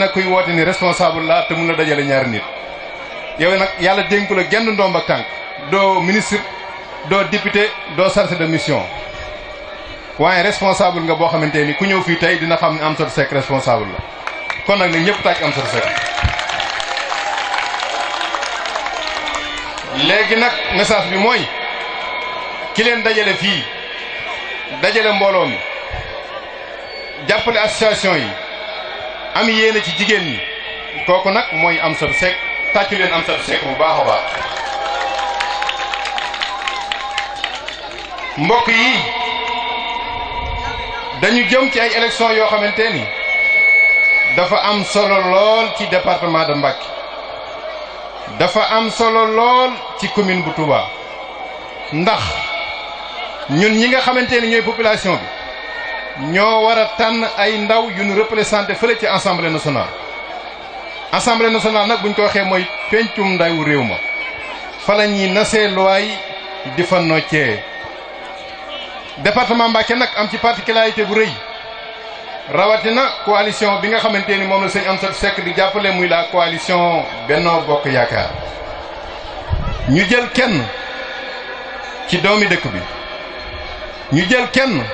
rawatina kuy woote ni responsable la te mun a dajale ñaari nit yow nag yàlla dénku la genn ndoom ak tànk doo ministre doo député doo chargé de mission waaye responsable nga boo xamante ni ku ñëw fii tey dina xam ne Amsatou Seck responsable la kon nag nag ñëpp tàcc Amsatou Seck léegi nag message bi mooy ki leen dajale fii dajale mbooloo mi jàppale association yi am yéene ci jigéen ñi kooku nag mooy am sab sekk tàccu leen am sab sekk bu baax a baax mbokk yi dañu jëm ci ay élection yoo xamante ni dafa am solo lool ci département de Mbacké dafa am solo lool ci commune bu Touba ndax ñun ñi nga xamante ni ñooy population bi ñoo war a tànn ay ndaw yu ñu représenté fële ci assemblée nationale assemblée nationale nag buñ ko waxee mooy pencum ndaw réew ma fala la ñuy nasee loi di fa noccee département Mbacké nag am ci particularité bu rëy rawatina coalition bi nga xamante ni moom la sëñ Amsatou Seck di jàppale muy la coalition Benno Bokk Yaakaar ñu jël kenn ci doomi dëkk bi ñu jël kenn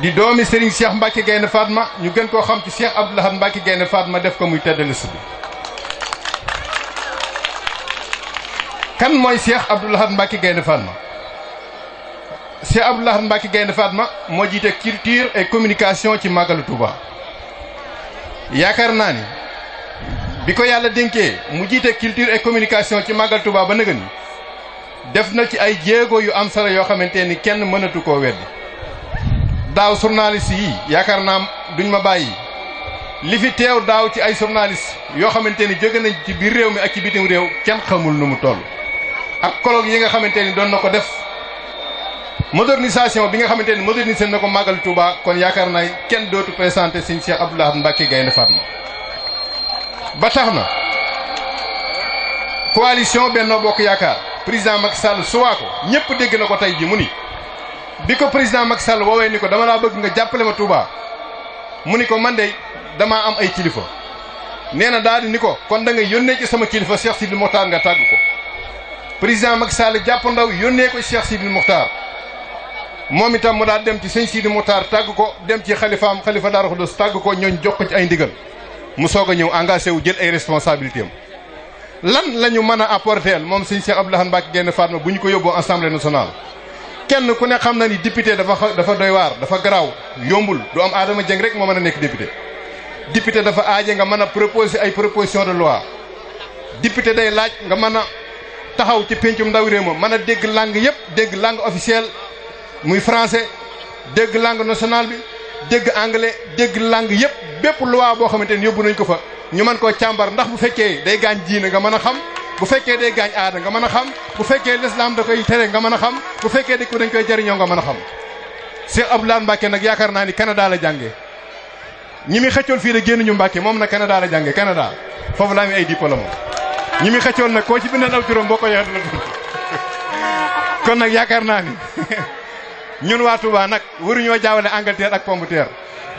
di doomi Serigne Cheikh Mbacke Gaynde Fatma ñu gën koo xam ci Cheikh Abdou Lahad Mbacke Gaynde Fatma def ko muy tedd liste bi. kan mooy Cheikh Abdou Lahad Mbacke Gaynde Fatma Cheikh Abdou Lahad Fatma moo jiite culture et communication ci Magalu Touba yaakaar naa ni bi ko yàlla dénkee mu jiite culture et communication ci Magalu Touba ba nëgën def na ci ay jéego yu am solo yoo xamante ni kenn mënatu koo weddi. daaw journaliste yii yaakaar naa duñ ma bàyyi li fi teew daaw ci ay journaliste yoo xamante ni jóge nañ ci biir réew mi ak ci bitim réew kenn xamul nu mu toll ak colloque yi nga xamante ni doon na ko def modernisation bi nga xamante ni modernisé na ko màggal Touba kon yaakaar naay kenn dootu présenté sëñ Cheikh Abdou Lahad Mbacké Gaïndé Fatma ba tax na coalition Benno Bokk Yaakaar président Macky Sall suwaa ko ñëpp dégg na ko tey ji mu ni bi ko président Macky Sall woowee ni ko dama laa bëgg nga jàppale ma Touba mu ni ko man dey damaa am ay kilifa nee na daal ni ko kon da nga yónnee ci sama kilifa Cheikh Sidil Mokhtar nga tàgg ko président Macky Sall jàpp ndaw yónnee ko Cheikh Sidil Mokhtar moom itam mu daal dem ci sëñ Sidil Mokhtar tàgg ko dem ci xalifaam xalifa Darou Khoudoss tàgg ko ñooñ jox ko ci ay ndigal mu soog a ñëw engagé wu jël ay responsabilité am lan la ñu mën a apporter moom sëñ Cheikh Abdoulaye Mbacke génn Fatma bu ñu ko yóbboo assemblée nationale. kenn ku ne xam na ni député dafa dafa doy waar dafa garaaw yombul du am aadama Dieng rek moo mën a nekk député député dafa aaje nga mën a proposer ay proposition de loi député day laaj nga mën a taxaw ci péncum ndaw réew ma mën a dégg langue yëpp dégg langue officielle muy français dégg langue nationale bi dégg anglais dégg langue yëpp bépp loi boo xamante ni yóbbu nañ ko fa ñu mën koo càmbar ndax bu fekkee day gaañ diine nga mën a xam bu fekkee day gaañ aada nga mën a xam bu fekkee les da koy tere nga mën a xam bu fekkee di ko dañ koy jariñoo nga mën a xam Cheikh Abdoulaye Mbacke nag yaakaar naa ni Canada la jànge ñi muy xëccoon fii de génnuñu Mbacke moom nag Canada la jànge Canada foofu laa mi ay diplôme ñi muy xëccoon nag koo ci bindal aw juróom boo ko yexe dina kon nag yaakaar naa ni ñun waa Touba nag waruñoo jaawale Angleterre ak pomme de terre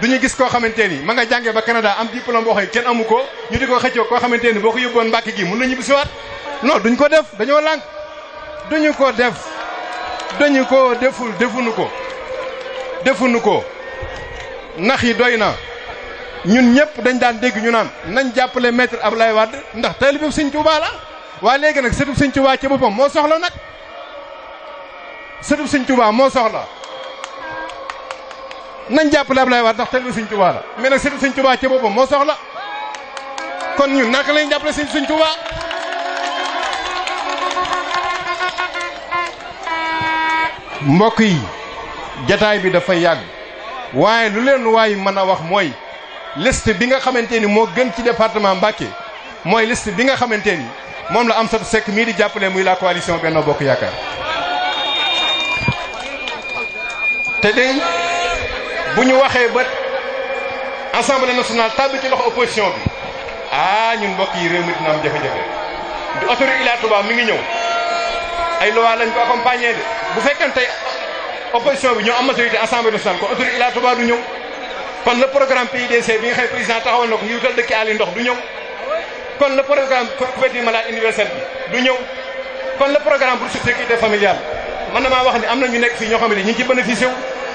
du ñu gis koo xamante ni ma nga jànge ba Canada am diplôme boo xam kenn amu ko ñu di ko xëccoo koo xamante ni boo ko yóbboon mbàkk gi mun na ñibbisiwaat non duñ ko def dañoo lànk duñu ko def dañu ko deful defuñu ko defuñu ko nax yi doy na ñun ñëpp dañ daan dégg ñu naan nañ jàppale maître Ablaye Wade ndax taalibu Sëñ Tuubaa la waa léegi nag sëtub Sëñ Tuubaa ci boppam moo soxla nag sëtub Sëñ Tuubaa moo soxla nañ jàppale Ablaye Wade ndax taalibe Sëriñ Tuubaa la mais nag sëriñ Sëriñ Tuubaa ci boppam moo soxla kon ñun naka lañ jàppale Sëriñ Sëriñ Tuubaa mbokk yi jataay bi dafa yàgg waaye lu leen waay mën a wax mooy liste bi nga xamante ni moo gën ci département Mbacké mooy liste bi nga xamante ni moom la Amsatou Seck mii di jàppale muy la coalition Benno Bokk Yaakaar te dégg bu ñu waxee ba assemblée nationale tàbbi ci loxo opposition bi ah ñun mbokk yi réew mi dina am jafe-jafe du autorité Ila Touba mi ngi ñëw ay loi lañ ko accompagner de bu fekkente opposition bi ñoo am majorité assemblée nationale kon autorité Ila Touba du ñëw kon le programme PIDC bi nga xam président taxawal na ko ngir wutal dëkk àll ndox du ñëw kon le programme couverture maladie universelle bi du ñëw kon le programme bourse sécurité familiale man damaa wax ni am na ñu xam ne wu.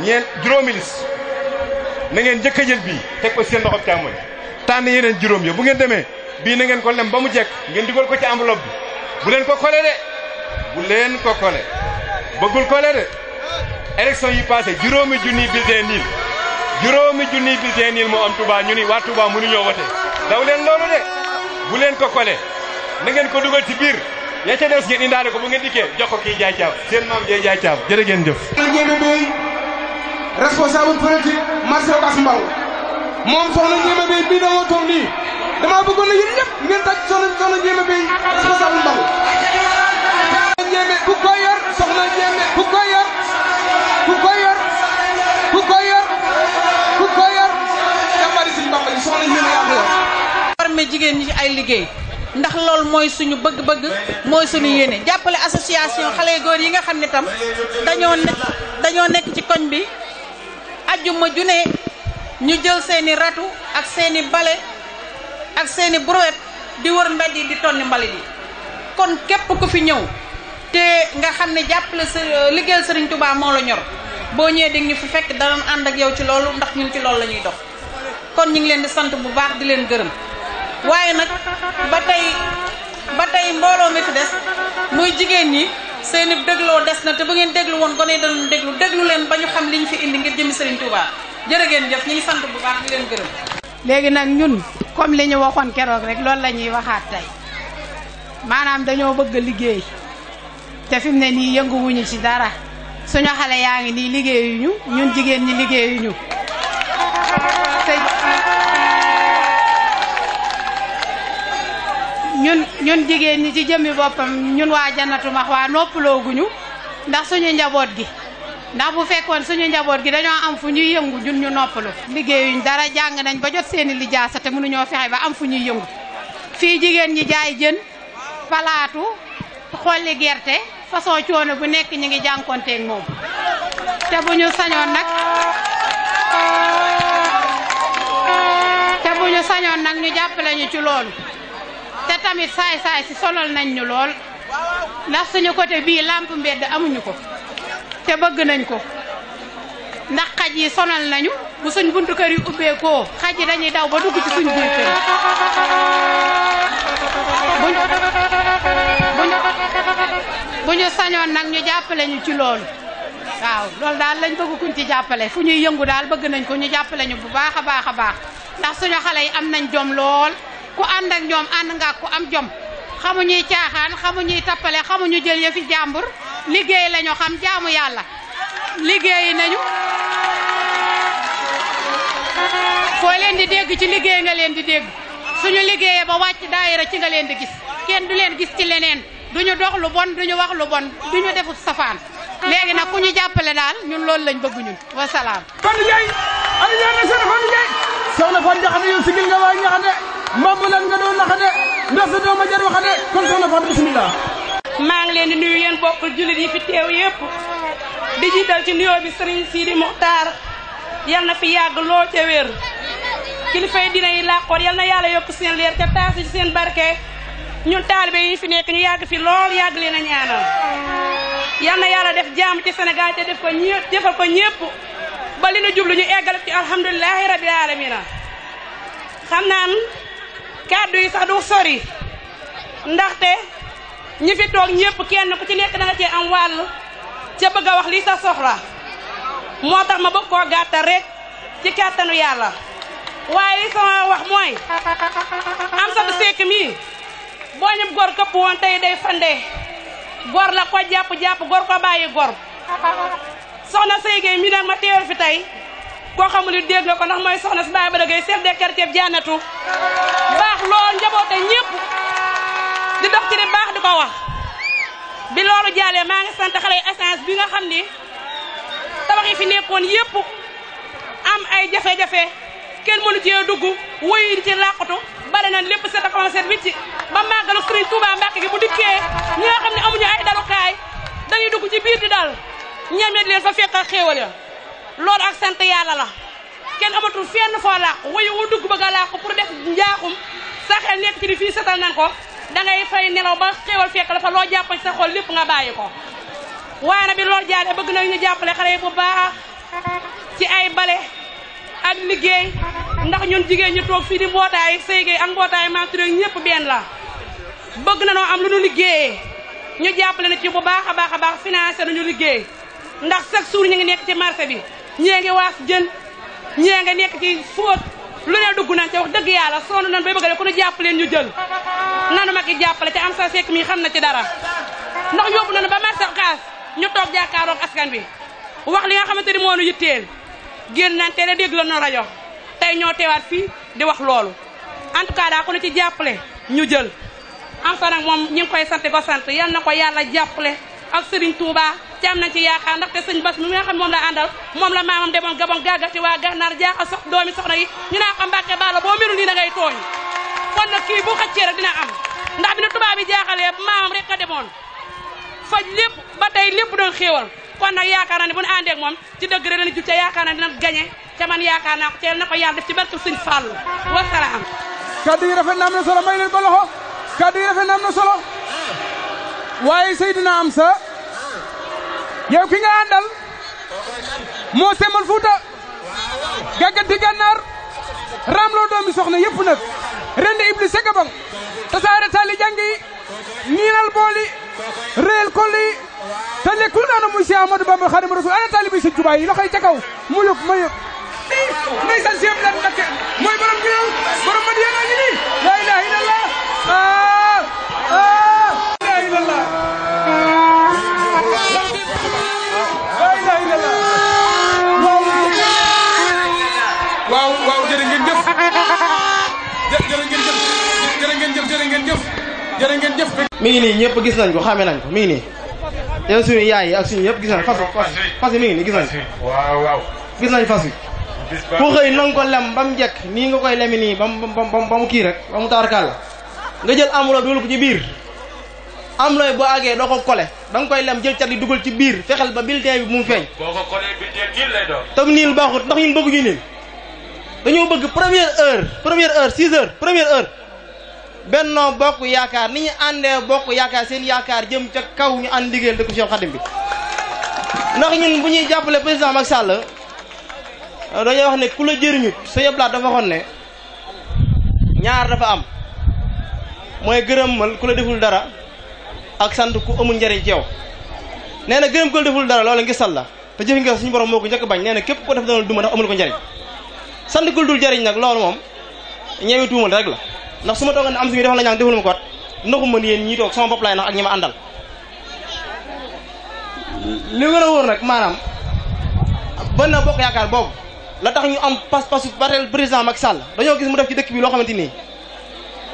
ñeent juróomi liste na ngeen njëkk a jël bii teg ko seen loxo càmmoñ tànn yeneen juróom ya bu ngeen demee bii na ngeen ko lem ba mu jekk ngeen dugal ko ci enveloppe bu leen ko kole de bu leen ko kole bëggul kole de élection yi passé juróomi junniy bulletin niil juróomi junniy bulletin niil moo am Touba ñu ni waa Touba mënuñoo wote daw leen loolu de bu leen ko kole na ngeen ko dugal ci biir ya ca des ngeen indaale ko bu ngeen dikkee jox ko kii jaay caaf seen maam ngeen jëf responsable politique jigéen ñi ci ay liggéey. ndax loolu mooy suñu bëgg-bëgg mooy suñu yéene jàppale association xale góor yi nga xam ne tam nekk dañoo nekk ci koñ bi aljuma ju ne ñu jël seeni ratu ak seeni bale ak seeni brouette di wër mbedd di tonni mbalit kon képp ku fi ñëw te nga xamné ne jàppale sa liggéeyal sëriñ tubaa moo la ñor bo ñëw di ñu fi fekk lañ and ak yow ci loolu ndax ñun ci loolu lañuy dox kon ñu ngi leen di sant bu baax di leen gërëm nak ba tay ba tey mbooloo mi des muy jigéen ñi seeni dëgloo des na te bu ngeen déglu woon gone danañ déglu déglu leen ba ñu xam li ñu fi indi ngir jëmi Serigne Touba jërë ngeen jëf ñu ngi sant bu baax di leen gërëm. léegi nag ñun comme li ñu waxoon keroog rek loolu la ñuy waxaat tey maanaam dañoo bëgg liggéey te fi mu ne nii yënguwuñu ci dara suñu xale yaa ngi nii liggéeyuñu ñun jigéen ñi liggéeyuñu. ñun jigéen ñi ci jëmmi boppam ñun waa janatu Jannatul waa noppalooguñu ndax suñu njaboot gi ndax bu fekkoon suñu njaboot gi dañoo am fu ñuy yëngu ñun ñu noppalu liggéeyuñ dara jàng nañ ba jot seeni lijaasa te mënuñoo fexe ba am fu ñuy yëngu fii jigéen ñi jaay jën palaatu xolli gerte façon coono bu nekk ñu ngi jànkonteeg moom te bu ñu sañoon nag te bu ñu sañoon nag ñu jàppale ñu ci loolu te tamit saay-saay si sonal nañ ñu lool ndax suñu côté bii làmp mbedd amuñu ko te bëgg nañ ko ndax xaj yi sonal nañu bu suñ buntu kër yi ubbeekoo xaj dañuy daw ba dugg ci suñ biir bu ñu sañoon nag ñu jàppale ñu ci loolu waaw loolu daal lañ bëgg kuñ ci jàppale fu ñuy yëngu daal bëgg nañ ko ñu jàppale ñu bu baax a baax a baax ndax suñu xale yi am nañ jom lool ku ànd ak ñoom ànd nga ku am jom xamuñuy caaxaan xamuñuy tappale xamuñu jël ya fi jàmbur liggéey lañu xam jaamu yàlla liggéey nañu foo leen di dégg ci liggéey nga leen di dégg suñu liggéeyee ba wàcc daayira ci nga leen di gis kenn du leen gis ci leneen duñu dox lu bon duñu wax lu bon duñu defut safaan léegi nag ku ñu jàppale daal ñun loolu lañ bëgg ñun wasalaam. Fane Ndiaye Aliou Ndiaye nag soxna Fane Ndiaye. soxna Fane Ndiaye xam ne yow nga waa Ndiakhate. mbambu nga doon naxa de ndax sa dooma jar waxa de kon soxna Fatou bismillah maa ngi leen di nuyu yéen bokk jullit yi fi teew yépp di ci nuyoo bi sëriñ Sidi Muxtaar yal na fi yàgg lool ca wér kilifay dina yi làqoon yal na yàlla yokk seen leer ca taas ci seen barke ñun taalibe yi fi nekk ñu yàgg fi lool yàgg leen a ñaanal yal na yàlla def jàmm ci Sénégal te def ko ñëpp defal ko ñëpp ñu eggal ci alhamdulilahi rabil alamina xam kaddu yi sax du sori te ñi fi tok ñepp kenn ku ci nekk da nga ci am wal ci bëgg a wax li sa soxla motax ma bëgg ko gàttal rek ci kàttanu yalla waye li sama wax moy am sa du sekk mi boo ñëpp gor kepp won tay day fande gor la ko japp japp gor ko bayyi gor soxna Seye mi nag ma teewal fi tay koo xamul it dégg nga ko ndax mooy soxna si Baye Bada Gueye chef de quartier bi jaanatu baax lool njaboote ñëpp di dox ci di baax di ko wax bi loolu jaalee maa ngi sant xale yi essence bi nga xam ni tabax yi fi nekkoon yëpp am ay jafe-jafe kenn mënu cee dugg wuyu di ci làqatu bare na lépp set ak set wicc ba màggalu Serigne Touba Mbacke gi bu dikkee ñi nga xam ne amuñu ay dalukaay dañuy dugg ci di dal ñemeet leen fa fekk ak xéewal ya loolu ak sant yàlla la kenn amatul fenn foo làqu wuyu wu dugg bëgg a làqu pour def njaaxum sa xel nekk ci ni fii setal nan ko dangay fay nelaw ba xéwal fekk la fa loo jàppal sa xol lépp nga bàyyi ko waaye na bi loolu jaale bëgg nañu ñu jàppale xale yi bu baax ci ay bale ak liggéey ndax ñun jigéen ñu toog fii di mbootaay séygéey ak mbootaay menturé ñëpp benn la bëgg na noo am lu ñu liggéeyee ñu jàppale na ci bu baax a baax a baax financé nañu liggéey ndax chaque jour ñu ngi nekk ci marché bi ñee ngi waas jën ñee nga nekk ci fóot lu ne dugg nañ ci wax dëgg yàlla sonn nañ bay bëgg de ku nu jàpp leen ñu jël nanu ma ki jàppale ci am sa sekk mii xam na ci dara ndax yóbbu nañu ba marché Ocass ñu toog jàkkaaroog askan bi wax li nga xamante ni moo nu yitteel génn nañ télé dégg la noonu rajo tey ñoo teewaat fii di wax loolu en daa ku nu ci jàppale ñu jël am sa nag moom ñu ngi koy sant ko sant yal na ko yàlla jàppale ak Serigne Touba ci am nañ ci yaakaar te señ bass mi nga xam mom la andal mom la mamam demoon gabon gaga gàggati waa gànnaar jaaxa sox doomi soxna yi ñu na xam mbàkke baala bo mirul ni da ngay tooñ kon nag ki bu xecce rek dina am ndax bi na tuba bi jaaxalee mamam rek ka demoon faj lepp ba tay lepp do xewal kon nak yaakaar naa bu ande ak mom ci deug re dana jub ca yaakaar naa dina gañe ca man yaakaar naa ko ca na ko yàlla def ci barke sëñ fàll wasalaam kaddu yi rafet na am na solo may leen ko loxo kaddu yi rafet na am na solo waye sayyidina am sa yow ki nga àndal moo semal Fuuta gàgganti gànnaar raamloo doomi soxna yëpp nag rende ibli segabang tasaare taali jàng niinal booli réyal kolli yi te nekkul muy Cheikh Amadou Bamba Xaadimu Rasuul ana taalibi Sëñ Tuubaa yi loxoy ca kaw mu yëg ma yëg ndeysaan Cheikh Abdou Lahad Mbacké mooy borom ginnaaw borom Madiyana ngi nii laa ilaaha illallah jërë ngeen jëf mi ngi nii ñëpp gis nañ ko xamee nañ ko mi ngi nii te yi ak suñu yëpp gis nañ fas fas yi mi ngi nii gis nañ waaw waaw gis nañ fas yi ku xëy nanga ko lem ba mu jekk nii nga koy lemi nii ba mu kii rek ba mu taarkaal la nga jël amuloo dugal ko ci biir am looy bu àggee doo ko kole da nga koy lem jël cat yi dugal ci biir fexel ba bulletin bi mu feeñ boo ko kole baaxut ndax ñun bëgguñu niil dañoo bëgg première heure première heure six heures première heure bennoo bokk yaakaar ni ñu àndee bokk yaakaar seen yaakaar jëm ca kaw ñu ànd liggéeyal dëkk Cheikh Khadim bi ndax ñun bu ñuy jàppale président Macky Sall dañuy wax ne kula la jëriñut sa yëblaat dafa waxoon ne ñaar dafa am mooy gërëmal ku la deful dara ak sant ku amul njariñ ci yow nee na gërëm ku la deful dara loolu ngi sal la te jëfi nga suñu borom moo ko bañ nee képp ko def dana duma ndax amul ko njariñ sant ku dul jariñ nag loolu moom ñeewi tuumal la ndax suma ma toogoon ne am si mi defal la ñaan defal ma ko naxu mën yéen ñii toog sama bopp laay nax ak ñi ma àndal li wér nag maanaam ban na bokk yaakaar boobu la tax ñu am pas pasu partel président Macky Sall dañoo gis mu def ci dëkk bi loo xam xamante nii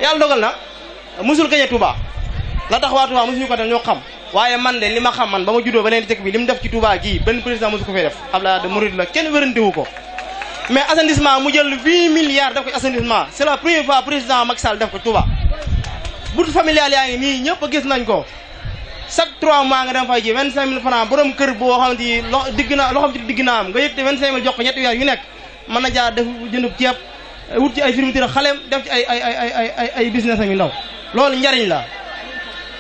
yàlla dogal na musul gañe Touba la tax waa Touba musuñu ko ñoo xam waaye man de li ma xam man ba ma juddoo ba leen di dëkk bi li mu def ci Touba gii benn président musu ko fee def Abdoulaye Wade murid la kenn wérante ko mais assainissement mu jël huit milliards def ko assainissement c'est la première fois président Macky Sall def ko Touba. bourse familiale yaa ngi nii ñëpp gis nañ ko chaque trois mois nga dem fay ji vingt cinq mille francs kër boo xam ne lo digg na loo xam ne digg naa am nga yëkkati vingt cinq mille jox ko ñetti weer yu nekk mën na def jëndub ceeb wut ci ay fourniture xaleem def ci ay ay ay ndaw loolu njariñ la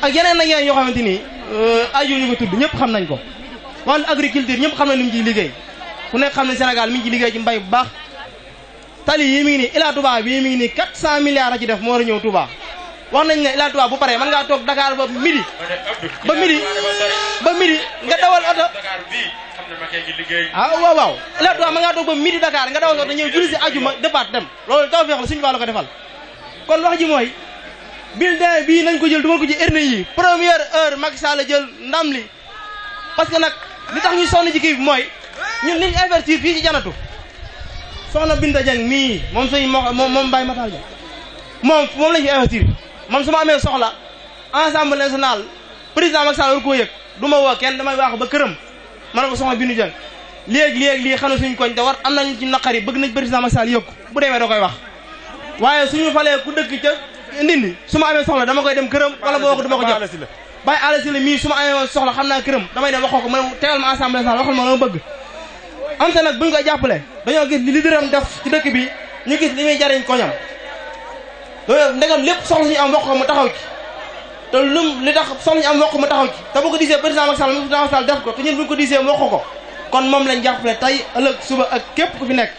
ak yeneen ak yeneen yoo xamante ni euh, aju ñu ko tudd ñëpp xam nañ ko wante agriculture ñëpp xam nañ lu mu ciy liggéey ku nek xamni senegal mi ngi liggey ci mbay bu baax tali yi mi ngi ni Ila Touba bi mi ngi ni 400 milliards ci def mo war ñew ñëw Touba wax nañ ne Ila Touba bu paré man nga tok Dakar ba midi ba midi ba midi nga dawal auto ah waaw waaw Ila Touba man nga tok ba midi Dakar nga dawal auto ñew jurisi aljuma depart dem loolu taw feex la suñu bàllu ko defal kon wax ji moy bulletin bi nañ ko jël duma ko ci erne yi première heure Macky Sall jël ndam li parce que nak li tax ñu sonn ci kii moy ñun liñ investir fii ci janatu soxna Binta Dieng mii moom sëñ moom moom Mbaye Matar Dieng moom moom lañ fi investir moom su ma amee soxla ensemble national président Macky Sall war koo yëg du ma woo kenn damay waaxu ba këram ma ne ko soxna Binta Dieng léegi-léegi lii xanu suñ koñ te war am nañu ci naqari bëgg nañ président Macky Sall yokku bu demee da koy wax waaye suñu falee ku dëkk ca ndindi su ma amee soxla dama koy dem këram wala boo ko du ma ko jot bàyyi àll si la mii su ma amee soxla xam naa këram damay dem waxoo ko ma am anta nag buñ koy jàppale dañoo gis li libiram def ci dëkk bi ñu gis li muy jariñ koñam loolu ndegam lépp soxla ñu am wax ko mu taxaw ci te lum li tax soxla ñu am wax ko mu taxaw ci te bu ko disee président Macky Sall président Macky Sall def ko te ñun buñ ko disee ko kon moom lañ jàppale tey ëllëg suba ak képp ku fi nekk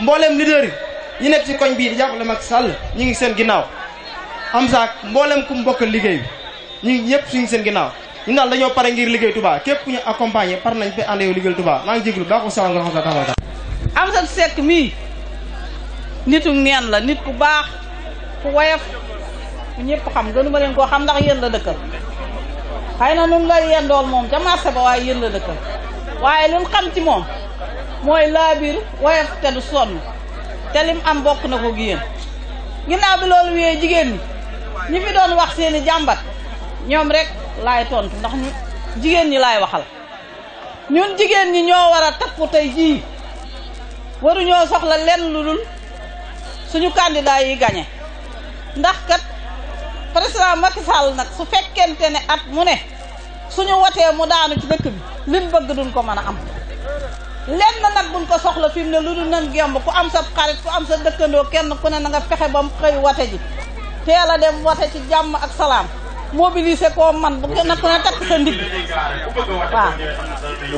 mbooleem leader yi ñu nekk ci koñ bii di jàppale mak Sall ñu ngi seen ginnaaw am saak mbooleem ku mu bokkal liggéey bi ñu ñëpp suñu seen ginnaaw ñu dañu paré ngir liggéey Touba képp ñu accompagné par nañ fi andé yow liggéey Touba ma ngi jéglu baax ko nga xata taala am sa sék mi nitu ñen la nit ku baax ku wayef ku ñëpp xam gënu ma leen ko xam ndax yeen la dëkkal xayna ñun la yeen dool mom ca marché ba way yeen la dëkkal waye luñ xam ci moom mooy laabir wayef té du son té lim am bokk na ko yéen ginnaaw bi lolou wé jigéen ñi fi doon wax seeni jambat ñoom rek laay tontu ndax ñu jigéen ñi laay waxal ñun jigéen ñi ñoo war a takku tey jii waruñoo soxla lenn lu dul suñu candidat yi gañe ndax kat président Macky Sall nag su fekkente ne at mu ne suñu wotee mu daanu ci dëkk bi liñ bëgg duñ ko mën a am lenn nag buñ ko soxla fi mu ne lu dul nag gemb ku am sa xarit ku am sa dëkkandoo kenn ku ne na nga fexe ba mu xëy wote ji teel a dem wote ci jàmm ak salaam mobiliser koo man bu kenn na ne takk sa ndigg waaw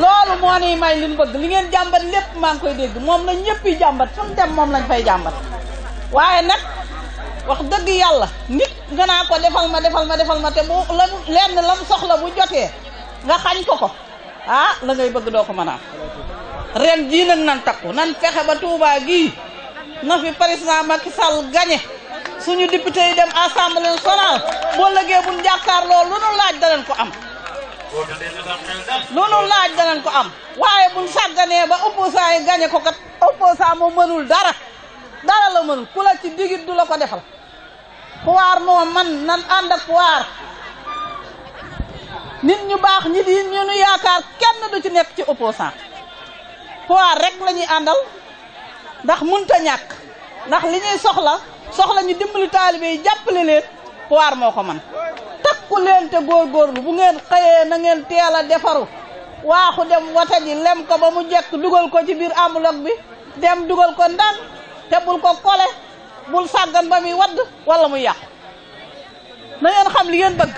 loolu moo ni may liñ bëgg li ngeen jàmbat lépp maa koy dégg moom la ñëpp yi jàmbat fan dem moom lañ fay jàmbat waaye nag wax dëgg yàlla nit nga ko defal ma defal ma defal ma te bu lan lenn lam soxla bu jotee nga xañ ko ko ah la ngay bëgg doo ko manaa a am ren jii nag nan takku nan fexe ba Touba gii na fi président Macky Sall gañe suñu député yi dem assemblée nationale bu lëggee buñ lu nu laaj danañ ko am lu nu laaj danañ ko am waaye buñ sagane ba opposant yi gagné ko kat opposant mo mënul dara dara la mënul ku la ci digit du la ko defal pouvoir mo man nan and ak pouvoir nit ñu baax ñi di ñu nu yaakaar kenn du ci nekk ci opposant pouvoir rek lañuy andal àndal ndax munta ñak ndax liñuy soxla soxla ñu dimbali talibé jappalé jàppale leen waar moo man takku leen te gor bu ngeen xeyé na ngeen téla défaru defaru dem wata ji lem ko ba mu jekk duggal ko ci bir bi dem duggal ko ndan te bul ko kole bul sàggan ba mi wad wala mu yaq na ngeen xam li ngeen bëgg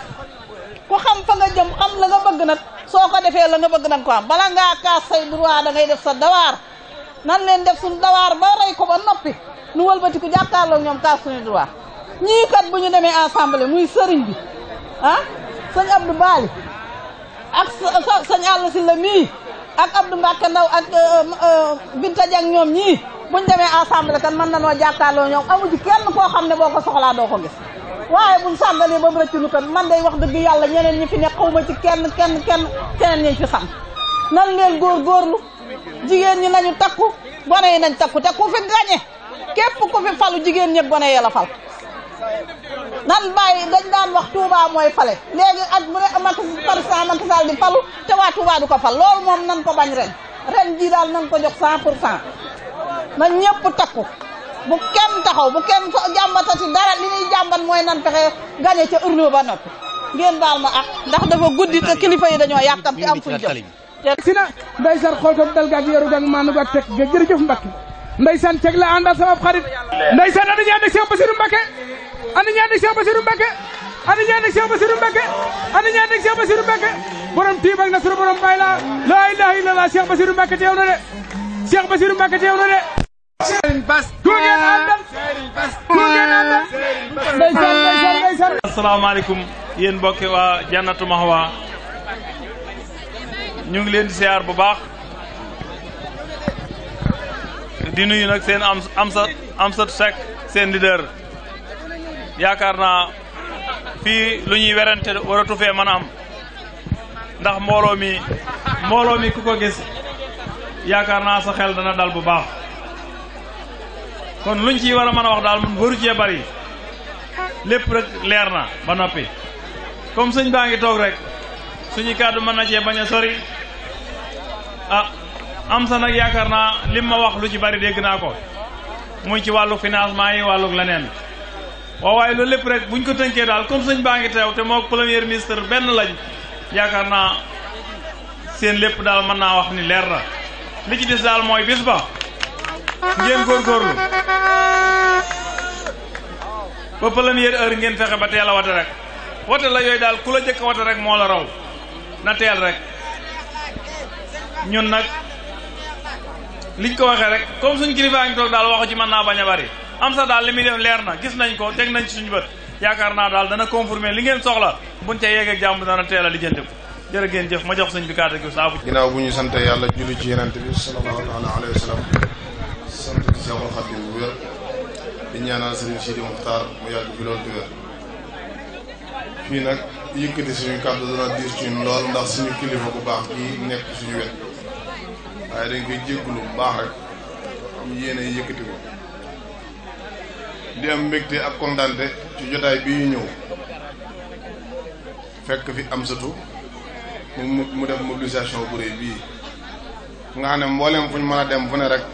ko xam fa nga jëm xam la nga bëgg nak soko la nga bëgg nak ko am bala nga ka say droit da ngay def sa dawar nan leen def sun dawar ba ray ko ba nopi nu wëlbatiku jakarlo ñom ka suñu droit ñi kat bu ñu demee assemblée muy sëriñ bi ah sëñ abdou baali ak sëñ allah si la mii ak abdou mbàkke ndaw ak euh, euh, euh, binta jang ñoom ñii buñ démé assemblée kan mën nanoo jakarlo ñom amu ci kenn ko xam boko soxla do ko gis waye buñ sambalé bam rëccu ñu kan man day wax dëgg yalla ñeneen ñi fi nekk xawma ci kenn kenn kenn kenn ñi ci sam nan leen góor góorlu jigen ñi nañu takku nañ takku takku fi gañé képp ku fi falu jigéen ñëpp gone yee la fal nan bàyyi dañ daan wax Touba mooy fale léegi at bu ne Macky président Macky Sall di falu te waa Touba du ko fal loolu moom nan ko bañ ren ren jii daal nan ko jox cent pour cent na ñëpp takku bu kenn taxaw bu kenn ko jàmbatati dara li ñuy jàmbat mooy nan fexe gañe ca urne ba noppi ngeen baal ma ak ndax dafa guddi te kilifa yi dañoo yàkkam ci am fuñ jëm si na ndeysaan xool ko dal gaak yoru gaak maanu gaak teg ga jërëjëf Mbacke ndeysaan ceeg la àndal sama xarit ndeysaan ana ñaan ak Cheikh Bassirou Mbacké ana ñaan ak Cheikh Bassirou Mbacké ana ñaan ak Cheikh Bassirou Mbacké ana ñaan ak Cheikh Bassirou Mbacké borom tiibal na sunu borom bay la laa ilaaha illallah Cheikh Bassirou Mbacké teew na de Cheikh Bassirou Mbacké teew na de Serigne Bass ku ngeen àndal Serigne Bass ku ngeen àndal ndeysaan ndeysaan ndeysaan asalaamaaleykum yéen mbokki waa Jannatu Mahwa ñu ngi leen di siyaar bu baax di nuyu nag seen am am sa am sa sec seen leader yaakaar naa fii lu ñuy werante waratu fee mën a am ndax mbooloo mi mbooloo mi ku ko gis yaakaar naa sa xel dana dal bu baax kon luñ ciy war a mën a wax daal mun waru cee bari lépp rek leer na ba noppi comme sëñ baa ngi toog rek suñu kàddu mën na cee bañ a sori ah am sa nak yakarna naa lim ma wax lu ci bari deg na ko muy ci walu financement yi walu lenen wa way lu lepp rek buñ ko teñké dal comme señ baangi tew te moo premier ministre ben lañ yakarna naa seen lépp daal mën naa wax ni lerr li ci des daal mooy bis ba ngeen lu ba premier heure ngeen fexé ba téla wata rek wata la yoy dal kula jëk wata rek mo la raw na teel rek ñun nak liñ ko waxee rek comme suñu kilifaa ngi toog daal waxu ci mën naa bañ a bari am sax daal li muy dem leer na gis nañ ko teg nañ ci suñu bët yaakaar naa daal dana confirmer li ngeen soxla buñ ca yeeg ak jàmm dana li a lijjanti ko jërë ngeen jëf ma jox sëñ bi kàddu gi saabu ginnaaw bu ñu sant yàlla julli ci yenante bi sallallahu taala alayhi wa sallam sant ci Seexul Xaadim bu di ñaanal sëriñ Sidi Muxtaar mu yàgg fi loolu di wér fii nag yëkkati suñu kàddu dana diir ci ñun ndax suñu kilifa bu baax gi nekk suñu wet waaye dañ koy jéggulu baax rek am yéene yëkkati ko di am mbégte ak kontante ci jotaay bi ñu ñëw fekk fi am satu mu mu def mobilisation bu rëy bii nga xam ne mbooleem fu ñu mën a dem fu ne rek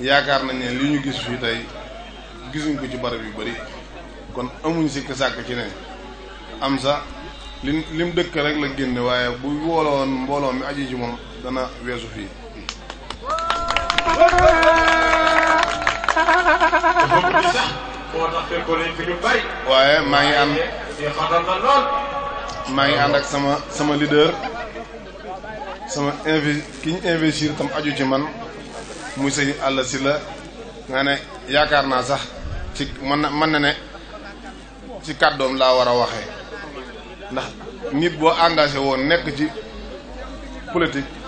yaakaar nañ ne li ñu gis fii tey gisuñ ko ci barab yu bari kon amuñ sikk sàkk ci ne am sa li li mu dëkk rek la génne waaye bu wooloon mbooloo mi aji ci moom dana weesu fii waaye maa ngi ànd maa ngi ànd ak sama sama leader sama invi ki ñu investir tam aju ci man muy sëñ àll si la nga ne yaakaar naa sax ci mën na na ne ci kàddoom laa war a waxee ndax nit boo engagé woon nekk ci politique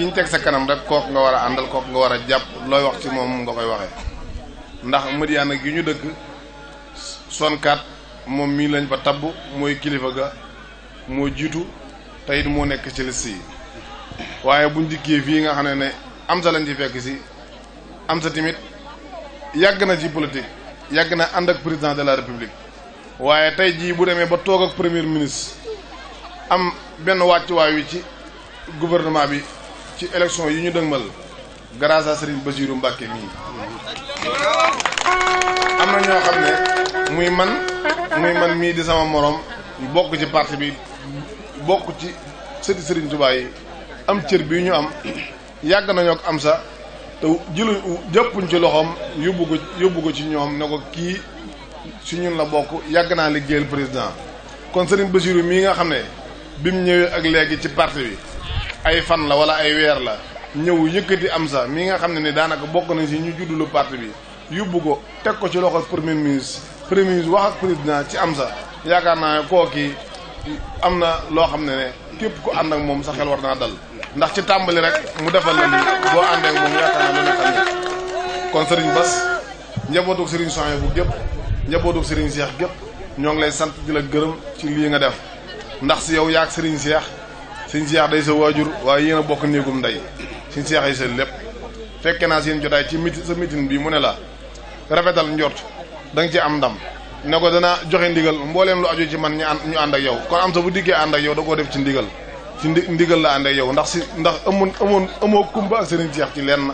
ki ñu teg sa kanam rek kok nga wara andal kok nga wara japp loy wax ci mom nga koy waxe ndax Madiyaana gi ñu son sonkat mom mi lañ fa tabbu moy kilifa ga mo jitu tayit mo nek ci le si waye buñ fi nga xam ne am sa lañ di fekk si am sa timit yag na ci politique yag na and ak président de la république waye tay ji bu demee ba tok ak premier ministre am beno wàccuwaay wayu ci gouvernement bi ci élection yi ñu dëgmal grâce à Serigne Bassirou Mbacké mii am na ñoo xam ne muy man muy man mii di sama moroom bokk ci parti bi bokk ci sëti Serigne Touba yi am cër bi ñu am yàgg nañoo ak am sa te jëlu jëppuñ ci loxoom yóbbu ko yóbbu ko ci ñoom ne ko kii su ñun la bokk yàgg naa liggéeyal président kon Serigne Bassirou mii nga xam ne bi mu ñëwee ak léegi ci parti bi ay fan la wala ay wer la ñew yëkëti am sa mi nga xamne ni daanaka bokku nañ si ñu juddulu parti bi yubbu ko tek ko ci loxo premier ministre premier ministre wax ak président ci am sa yaakaar naa ne kooki am na ne kep ku ak mom sa xel war na dal ndax ci tambali rek mu defal la ni boo and ak mom yaaka na lu nekkal kon serigne bas njabootug serigne soxna bu gep njabootug serigne cheikh gep ñong lay sante di la gëreum ci li nga def ndax si yow yaak serigne cheikh seigne cheikh day sa wajur way yena bok neegum nday seigne cheikh ay sa lepp fekke na seigne jotay ci miti sa mitin bi munela rafetal njort dang ci am ndam ne ko joxe ndigal lu aju ci man ñu ñu yau. ak yow ko am sa bu digge and ak yow da ko def ci ndigal ci ndigal la and ak yow ndax si ndax amoon amoon amo kumba ak seigne cheikh ci len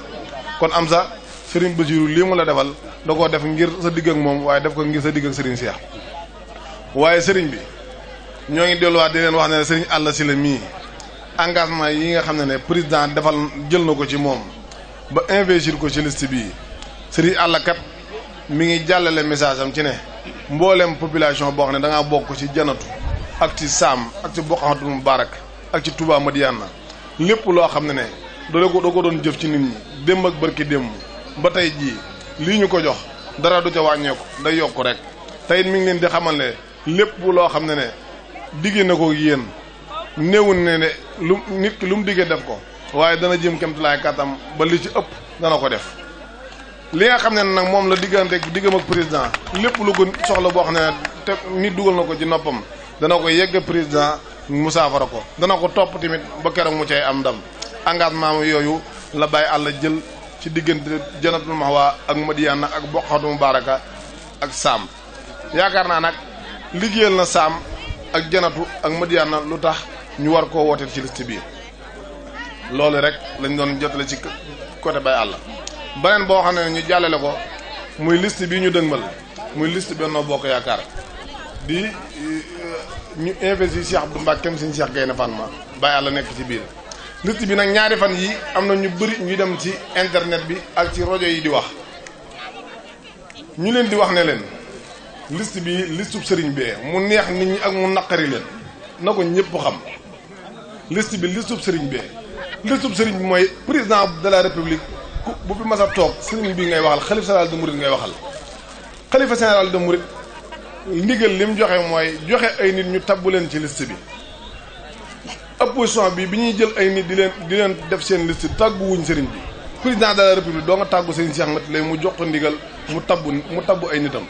kon am sa sëriñ Basiru limu la defal da ko def ngir sa digge ak moom waye def ko ngir sa digge ak sëriñ cheikh waye bi ñoo ngi wat di len wax ne sëriñ allah sile mi engagement yi nga xam ne ne président defal jël na ko ci moom ba investir ko ci liste bii Serigne Alla mi ngi jàllale message am ci ne mboolem population boo xam ne da bokk ci janatu ak ci saam ak ci boqaxatu mu barak ak ci Touba Madiana lépp loo xam ne ne doo ko doo ko doon jëf ci nit ñi démb ak barki démb ba tey jii lii ñu ko jox dara du ca wàññeeku day yokk rek tey mi ngi leen di xamal ne lépp loo xam ne ne digg na ko yéen. néewul ne ne lu nit lu mu diggee def ko waaye dana jëm kemtalaay kàttam ba li ci ëpp dana ko def li nga xam ne nag moom la diggante diggam ak président lépp lu ko soxla boo xam ne te ni dugal na ko ci noppam dana ko yegge président musaafara ko dana ko topp tamit ba keroog mu cay am ndam engagement yooyu la bàyyi àlla jël ci diggante janatul mahwa ak Madiyana ak boqatu mubaraka ak saam yaakaar naa nag liggéeyal na saam ak janatu ak Madiyana lu tax ñu war koo wooteel ci list bii loolu rek lañ doon jotle ci côté Baye Alla beneen boo xam ne ñu jàllale ko muy list bii ñu dëgmal muy list liste boo ko Yaakaar di eh, ñu investi Cheikh Abdou Mbacké suñu Cheikh Gaynde Fatma Baye Alla nekk ci biir liste bi nag ñaari fan yi am na ñu bëri ñu dem ci internet bi ak ci rajo yi di wax ñu leen di wax ne leen liste bi listub sëriñ bee mu neex nit ñi ak mu naqari leen na ko ñëpp xam liste bi listub sëriñ bee listub sëriñ bi mooy président de la république bu fi mas toog sëriñ bi ngay waxal xalifa général de Mouride ngay waxal xalifa général de Mouride ndigal li mu joxe mooy joxe ay nit ñu tabbu leen ci liste bi opposition bi bi ñuy jël ay nit di leen di leen def seen liste tàggu wuñ sëriñ bi président de la république doo nga tàggu sëriñ Cheikh Ahmed mu jox ko ndigal mu tabbu mu tabbu ay nitam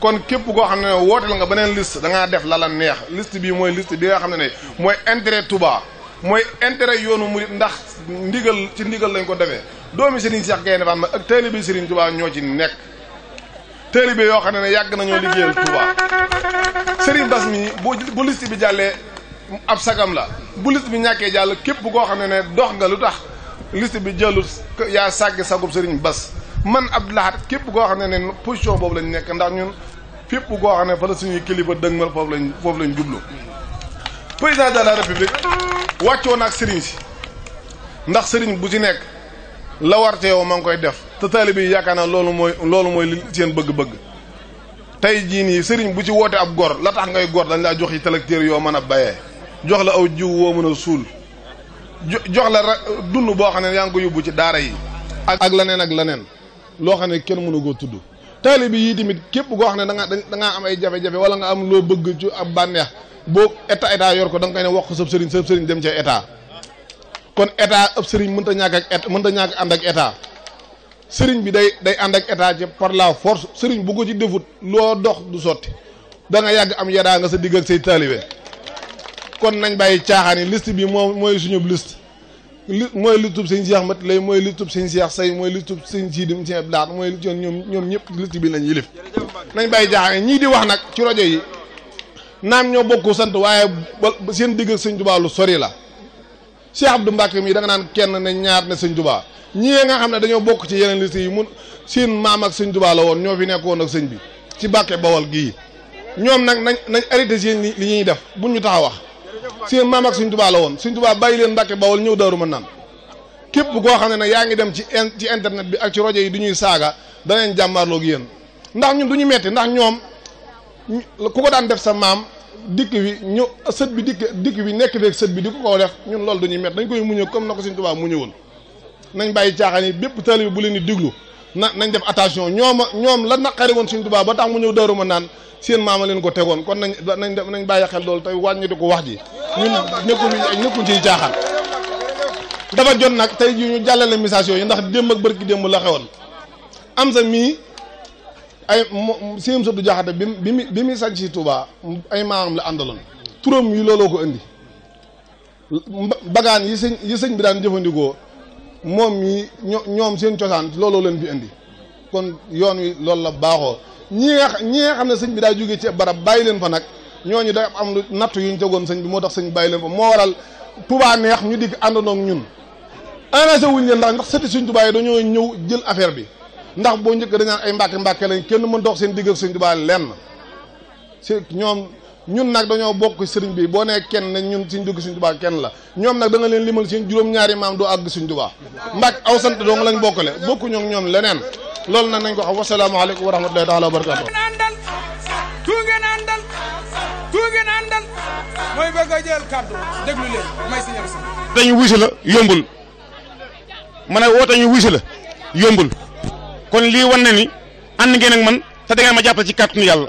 kon képp koo xam ne wootal nga beneen list da def la la neex liste bii mooy liste bi nga xam ne ne mooy intérêt Touba mooy intérêt yoonu murit ndax ndigal ci ndigal lañ ko defee doomi Serigne Cheikh Gaïndé Fatma ak taalibe Serigne Touba ñoo ci nekk taalibe yoo xam ne ne yàgg nañoo liggéeyal Touba Serigne Bass mi bu liste bi jàllee ab sagam la bu liste bi ñàkkee jàll képp koo xam ne ne dox nga lu tax list bi jëlul yaa sàggi sagub Serigne bas man ab Abdoulahat képp koo xam ne ne position boobu lañu nekk ndax ñun fépp koo xam ne fa la suñuy kilifa dëgmal foofu lañ foofu lañ jublu président de la république wàccoon ak sëriñ si ndax sëriñ bu ci nekk la war ca yow ngi koy def te taalibe yi yaakaar naa loolu mooy loolu mooy li seen bëgg-bëgg tey jii nii sëriñ bu ci woote ab gor la tax ngay gor dañ laa jox yi tracteur yoo mën a bayee jox la aw jiw woo mën a suul jox la dund boo xam ne yaa ngi ko yóbbu ci daara yi ak leneen ak leneen lo xamne kenn mënu go tuddu talib yi tamit kep go xamne da nga da nga am ay jafé jafé wala nga am lo bëgg ci ab banex bo état état yor ko da nga koy ne wax ko sab sëriñ sab sëriñ dem ci état kon état ab sëriñ mënta ñak ak état mënta ñak and ak état sëriñ bi day day and ak état ci par la force sëriñ bu ko ci defut lo dox du soti da nga yag am yada nga sa digal sey talibé kon nañ bayyi caaxaan liste bi moy suñu liste li mooy li tub sëñ Cheikh Mat lay mooy li tub sëñ Cheikh Say mooy li tub sëñ Sidim sëñ Abdou Lahad mooy li ci ñoom ñoom ñëpp litti bi lañ yilif nañ bàyyi jaaxle ñii di wax nag ci rajo yi naam ñoo bokku sant waaye ba seen digg ak sëñ Tuubaa lu sori la Cheikh Abdou Mbacke mii da nga naan kenn nañ ñaar na sëñ Tuubaa ñii nga xam ne dañoo bokk ci yeneen liste yi mun seen maam ak sëñ Tuubaa la woon ñoo fi nekkoon ak sëñ bi ci Mbacke Bawol gii ñoom nag nañ nañ arrêté seen li ñuy def buñ ñu tax wax seen maam ak suñ tubaa woon suñ tubaa bàyyi leen mbàkke bawol ñëw daaru mën naan képp koo xam ne nag yaa ngi dem ci ci internet bi ak ci rajo yi du ñuy saaga danañ jàmmaarloog yéen ndax ñun du ñu metti ndax ñoom ku ko daan def sa maam dikk wi ñu sët bi dikk dikk bi nekk feeg sët bi di ko ko def ñun loolu du ñu metti dañ koy muñë comme na ko suñ tubaa muñëwoon nañ bàyyi caaxaan yi bépp taalibe bu leen di diglu na nañ def attention ñooma ñoom la naqari woon suñ tubaa ba tax mu ñëw daaru ma naan seen maama leen ko tegoon kon nañ nañ nañ bàyyi xel loolu waa wàññi ko wax ji ñun nekkuñu nekkuñ ciy caaxaan dafa jot nag tey ji ñu jàllale message yooyu ndax démb ak bërki démb la xewoon am sa mii ay siem sadu jaxate bi bi mu bi muy sañ si tubaa ay maamam la àndaloon turam yi looloo ko indi bagaan yi sëñ yi sëñ bi daan jëfandikoo moom ño ñoom seen cosaan looloo leen fi indi kon yoon wi loolu la baaxoo ñi nga ñi nga xam ne sëñ bi daa jóge ci barab bàyyi leen fa nag ñooñu day am lu nattu yu ñu tegoon sëñ bi moo tax sëñ bàyyi leen fa moo waral tubaa neex ñu digg àndandoo ak ñun arrangé wuñ leen ndax ndax sëti suñ tubaa yi dañoo ñëw jël affaire bi ndax boo njëkk dañaan ay mbàkke mbàkke lañ kenn mën dox seen digg ak suñ leen lenn si ñoom ñun nak dañoo bokk sëriñ bi bo nee kenn ne ñun suñ dugg suñ tubaa kenn la ñom nak da nga leen limal seen juroom ñaari maam do ag suñ tubaa mbak aw sant do nga lañ bokkale bokku ñok ñom leneen lool nak nañ ko wax assalamu alaykum wa rahmatullahi taala wa barakatuh andal tu ngeen àndal tu ngeen àndal mooy bëgg a jël kàddu déglu leen may señor ñëw dañu wusi la yombul mané wota ñu wusi la yombul kon li wan ni and ngeen ak man te da ngeen ma japp ci kàttanu yalla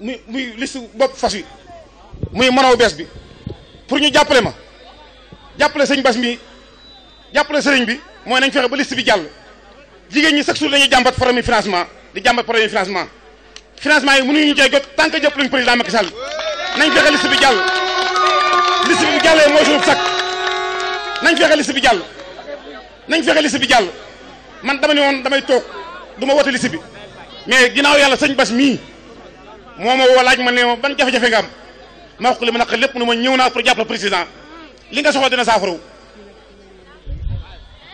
muy muy liste bopp fas wi muy manaw bees bi pour ñu jàppale ma jàppale sëñ bas mi jàppale sëriñ bi mooy nañ fexe ba liste bi jàll jigéen ñi chaque jour dañuy jàmbat problème financement di jàmbat problème financement financement yi mënuñu cay jot tant que jàppale ñu président Macky Sall nañ fexe liste bi jàll liste bi jàllee mooy suñu sakk nañ fexe liste bi jàll nañ fexe liste bi jàll man dama ne woon damay toog du ma wote bi mais ginnaaw yàlla sëñ bas mii moma wo laaj ma ne ma ban jafe-jafe nga am ma xul ma nak lépp nu ma ñëw na pour jàppale président li nga soxla dina saafaraw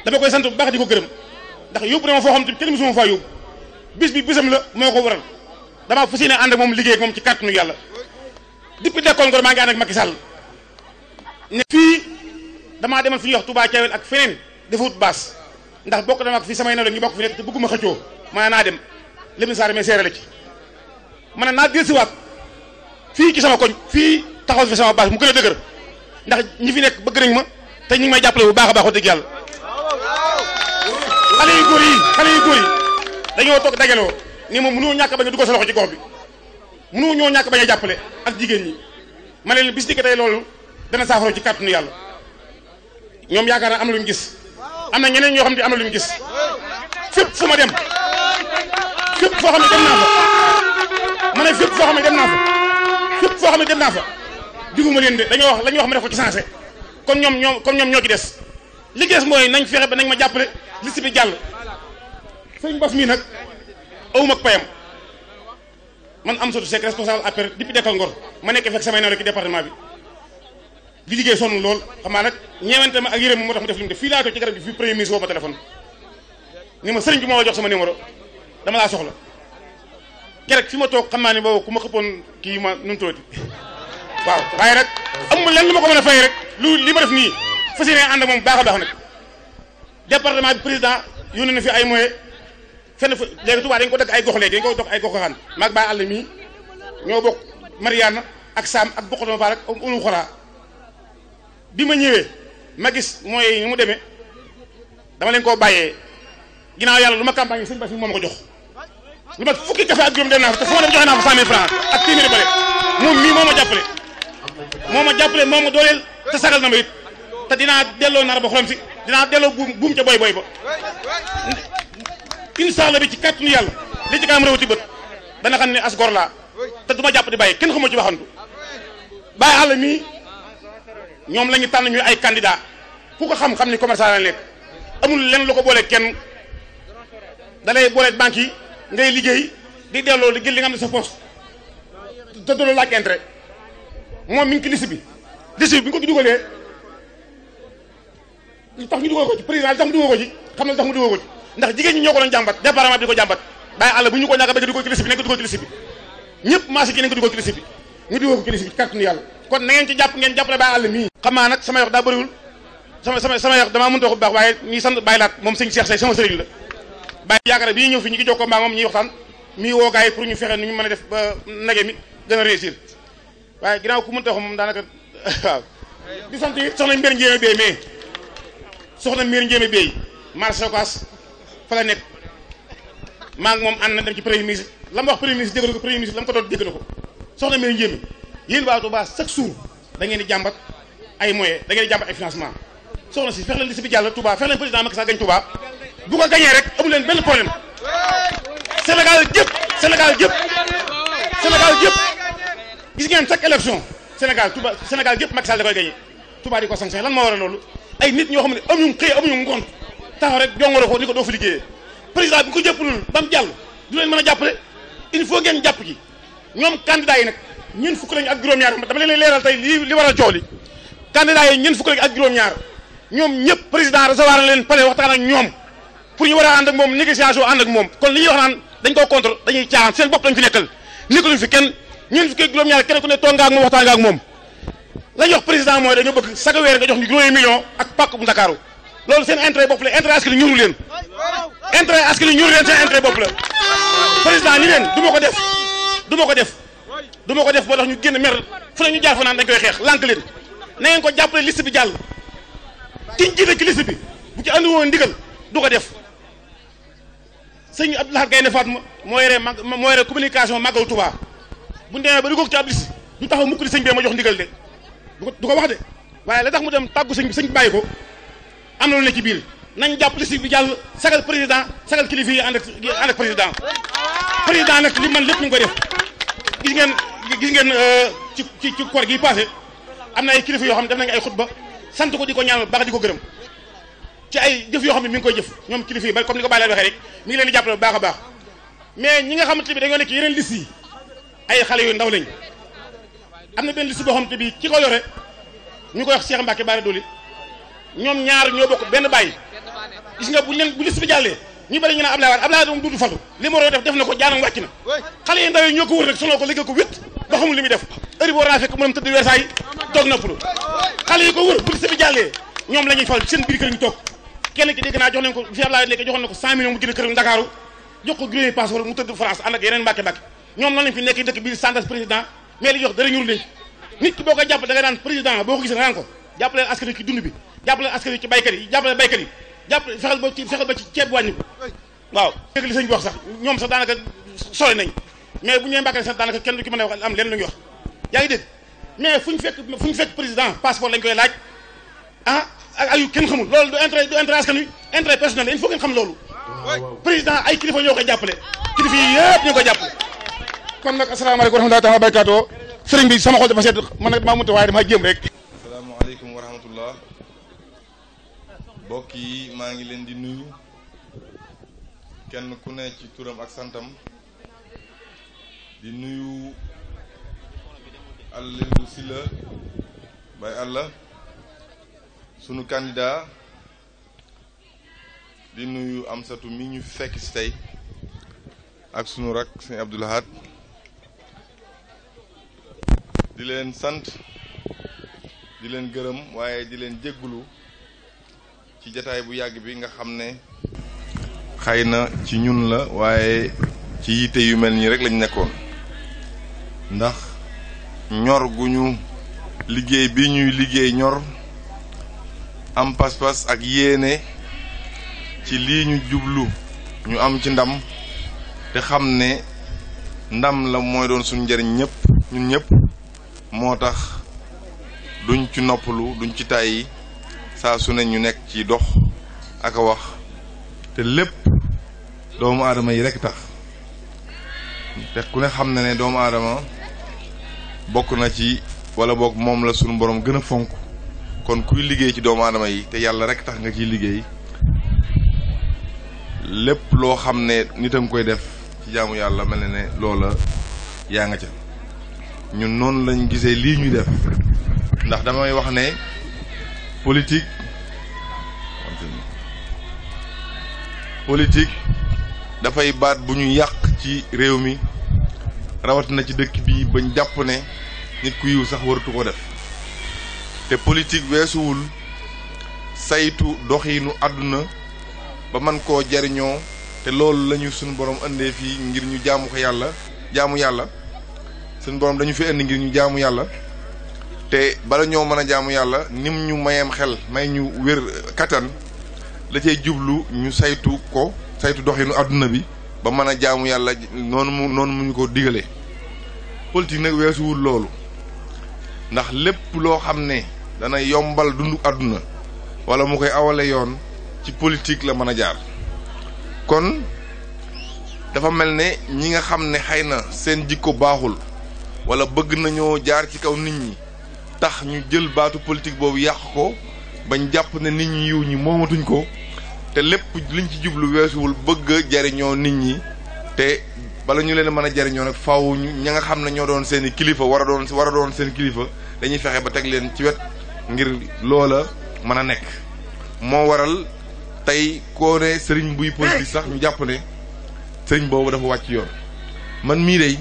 dama koy sant bu baax diko gërëm ndax yóbbu dama fo xam te kenn musuma faa yóbbu bis bi bisam la moko waral dama fas ànd ak mom liggéey ak mom ci carte nu yàlla dipi dékkol ngor ma nga ànd ak Macky Sall ne fi dama demal fi ñuy wax Touba Thiawel ak fenen defout bass ndax bokk dama ak fii samay nalo ñu bokk fi nek te bëgguma xëccoo ma na dem lémin sar mais seere la ci man ne naa dellusiwaat fii ci sama koñ fii taxaw fi sama baax mu gën a dëgër ndax ñi fi nekk bëgg nañ ma te ñi ngi may jàppale bu baax a baax wax dëgg yàlla xale yi góor yi dañoo toog dajaloo ni moom mënoo ñàkk bañ a dugal sa loxo ci gox bi mënoo ñoo ñàkk bañ jàppale ak jigéen ñi ma na leen bis ni tey loolu dana saafara ci kàttanu yàlla ñoom yaakaar na am na lu ñu gis am na ñeneen ñoo xam ne am na lu ñu gis fépp ma dem fépp foo xam ne dem naa fa ma ne fépp foo xam ne dem naa fa fépp foo xam ne dem naa fa diguma leen de dañoo wax la ñuy wax ma def ko ci sensé kon ñoom ñoom comme ñoom ñoo ci des li des mooy nañ fexe ba nañ ma jàppale liste bi jàll sëñ Bass mii nag awum ak payam man am sotu sekk responsable après depuis dekkal ngor ma nekk fekk samay nawle ci département bi di liggéey sonn lool xam naa nag ñeewante ma ak yërëm moo tax mu def li mu def fii laa toog ci garab gi fii premier ministre woo ma téléphone ni sëriñ bi moo la jox sama numéro dama laa soxla keroog fi ma toog xam naa ne boobu ku ma xëppoon kii ma nu mu waaw waaye nag amul lu ma ko mën a fay rek lu li ma def nii fas yéene ànd moom baax a baax nag département bi président yónnee na fi ay moyens fenn fa léegi Touba dañ ko dagg ay gox léegi dañ ko dog ay gox xaan maag baa àll mii ñoo bokk Mariana ak Sam ak Bokkatuma Fall ak Oumou Xora bi ma ñëwee ma gis moyens yi mu demee dama leen koo bàyyee ginnaaw yàlla lu ma campagne yi sëñ ma ko jox lu mat fukki café ak juróom dem naa fa te fu ma joxe naa fa cent mille francs ak téeméeri bëre moom mii moo ma jàppale moo ma jàppale moo ma dooleel te sagal na ma te dinaa delloo nar ba xolam si dinaa delloo buum buum ca boy boy ba incha la bi ci kàttanu yàlla li ci kanam rawati bët dana xam ne as gor laa te du ma jàpp di bàyyi kenn xamul ci waxantu bàyyi àll mii ñoom la ñu tànn ñu ay candidat ku ko xam-xam ni commerçant la nekk amul lenn lu ko boole kenn ngay liggéey di delloo di jël li nga am ne la laaj intérêt moom mi ngi ci liste bi liste na li tax mu dugal ko a naa nag sama yox daa bëriwul sama sama sama yox damaa mënta ko bu waaye ñuy sant bàyyi laat moom sëñ Cheikh sama sëriñ la bàyyi yaakaar bii ñëw fi ñu ngi jokkoo mbaa moom ñuy waxtaan mi woo gars yi pour ñu fexe nu ñu mën a def ba nage mi gën a réussir waaye ginaaw ku mënta wax moom daanaka waaw di sant it soxna mbir njéeme bay mais soxna mbir njéeme bay marché Ocass fa la nekk maa moom ànd na dem ci premier ministre la mu wax premier ministre dégg ko premier la mu ko doon dégg ko soxna mbir njéeme yéen waa Touba chaque jour da ngeen di jàmbat ay moyens da ngeen di jàmbat ay financement soxna si fex leen liste bi jàll Touba fex leen président Macky Sall gañ Touba bu ko gañee rek amu leen benn problème Sénégal yëpp Sénégal yëpp Sénégal yëpp gis ngeen chaque élection Sénégal Touba Sénégal yëpp Macky Sall da koy gañee Touba di ko sanctionné lan moo waral loolu ay nit ñoo xam ne am amuñu xëy amuñu ngoon taxaw rek jongoro ko ni ko doo fi liggéeyee président bi ko jëppalul ba mu jàll du leen mën a jàppale il faut ngeen jàpp ji ñoom candidat yi nag ñeent fukk lañu ak juróom-ñaar dama leen leeral tey li li waral coow li candidat yi ak juróom-ñaar ñoom ñëpp président recevoir na leen pare waxtaan ak ñoom pour ñu war ànd ak moom négociation ànd ak moom kon li ñuy wax naan dañ koo contre dañuy caaxaan seen bopp lañ fi nekkal nekkaluñ moom waxtaan nga ak moom la jox président mooy dañoo bëgg chaque weer nga jox ñu juróomi million ak pàkk bu Ndakaaru loolu seen ma ko def du ma ko def du ma ñu génn mer fu ne ñu jaar fa naan dañ koy xeex lànk leen na ngeen ko jàppale liste bi jàll kiñ jëlee ci liste bi bu ci andi woon ndigal du ko def sëñ Abdou Lahad Gaynde Fatma moo yore mag moo yore communication màggal Touba bu demee ba duggoog ci ab liste du taxaw bee ma jox ndigal de du ko wax de waaye la tax mu dem tàggu sëñ bi sëñ bàyyi ko am na lu ne ci biir nañ jàpp liste bi jàll sagal président sagal kilifa yi ànd ak président président nag li man lépp ñu ngi koy def gis ngeen gis ngeen euh, ci ci ci koor gi passé am na ay kilifa yoo xam ne def nañ ay xutba sant ko di ko ñaanal baax di ko gërëm ci ay jëf yoo xam ne mi ngi koy jëf ñoom kilifa yi ba ni ko bàyyi waxee rek mi ngi leen di jàppale bu baax baax mais ñi nga xamante bi dañoo nekk yeneen liste yi ay xale yu ndaw lañ am na benn liste boo xamante bi ci ko yore ñu koy wax Cheikh Mbacke Bara Doli ñoom ñaar ñoo bokk benn bàyyi gis nga bu leen bu liste bi jàllee ñu bëri ñu naan Ablaye Wade Ablaye Wade moom duutu falu li a def def na ko jaanam wàcc na xale yi ndaw ñoo ko wër nag sonal ko liggéey ko wét ba xamul li muy def heure bi war naa fekk mu tëdd weer saa yi toog xale yi ko wër bu bi jàllee ñoom la ñuy fal seen biir kër ñu toog kenn ki dégg naa jox nañ ko fi Ablaye léegi joxoon na ko 100 millions mu jënd këram Ndakaaru jox ko gré passeport mu tëdd France ànd ak yeneen mbàkke mbàkke ñoom noonu nekk dëkk biir santas président mais li jox dara ñur boo ko jàpp da nga naan président boo ko gisee yi jàpp fexeel ba ci ba ci ceeb wàññi ko waaw dégg li sëñ bi wax sax ñoom sax daanaka sori nañ mais bu ñu mbàkkee sax daanaka kenn du ki mën a wax am leen lu ñu wax yaa ngi dégg mais fu ñu fekk fu ñu fekk président passeport lañ koy laaj ah ak ayu kenn xamul loolu du intérêt du intérêt askan wi intérêt personnel il faut ngeen xam loolu président ay kilifa ñoo koy jàppale kilifa yi yëpp ñoo koy jàppale kon nag asalaamaaleykum wa rahmatullahi taala wa barakatu sëriñ bi sama xol dafa sedd man nag maa mënta waaye dama jéem rek asalaamaaleykum wa mbokk yi maa ngi leen di nuyu kenn ku ne ci turam ak santam di nuyu Aliou Sylla bay Alla sunu candidat di nuyu satu mi ñu fekk si tey ak sunu rak sëñ Abdou di leen sant di leen gërëm waaye di leen jéggulu ci jataay bu yàgg bi nga xam ne xëy na ci ñun la waaye ci yitte yu mel nii rek lañ nekkoon ndax ñor gu ñu liggéey bi ñuy liggéey ñor am pas-pas ak yéene ci lii ñu jublu ñu am ci ndam te xam ne ndam la mooy doon suñu njëriñ ñëpp ñun ñëpp moo tax duñ ci noppalu duñ ci tàyyi saa su ne ñu nekk ci dox aka wax te lépp doomu aadama yi rek tax te ku ne xam na ne doomu aadama bokk na ci wala boog moom la sunu borom gën fonk kon kuy liggéey ci doomu aadama yi te yàlla rek tax nga ciy liggéey lépp loo xam ne nit a koy def ci jaamu yàlla mel na ne loola yaa nga ca ñun noonu lañ gisee lii ñuy def ndax damay wax ne politique politique dafay baat bu ñu yàq ci réew mi rawatina ci dëkk bi ba jàpp ne nit ku yiw sax waratu ko def te politique weesuwul saytu doxiinu àdduna ba man koo jariñoo te loolu lañu suñu borom indee fii ngir ñu jaamu ko yàlla jaamu yàlla suñu borom dañu fi indi ngir ñu jaamu yàlla te bala ñoo mën a jaamu yàlla nim ñu mayeem xel may ñu wér kattan la cay jublu ñu saytu ko saytu doxinu àdduna bi ba mën a jaamu yàlla noonu mu noonu mu ñu ko digalee politique nag weesuwul loolu ndax lépp loo xam ne dana yombal dundu àdduna wala mu koy awale yoon ci politique la mën a jaar kon dafa mel ne ñi nga xam ne xëy na seen jikko baaxul wala bëgg nañoo jaar ci kaw nit ñi tax ñu jël baatu politique bobu yaq ko bañ japp ne nit ñi yu ñi momatuñ ko te lepp liñ ci jublu wul bëgg jariñoo nit ñi te bala ñu leen mëna a nak nag faaw ñu ña nga xam ne doon seen kilifa wara doon wara doon seen kilifa dañuy fexé ba tek leen ci wet ngir loola mëna nek mo waral tay ko re serigne buy politique sax ñu japp ne serigne bobu dafa wacc yoon man mi day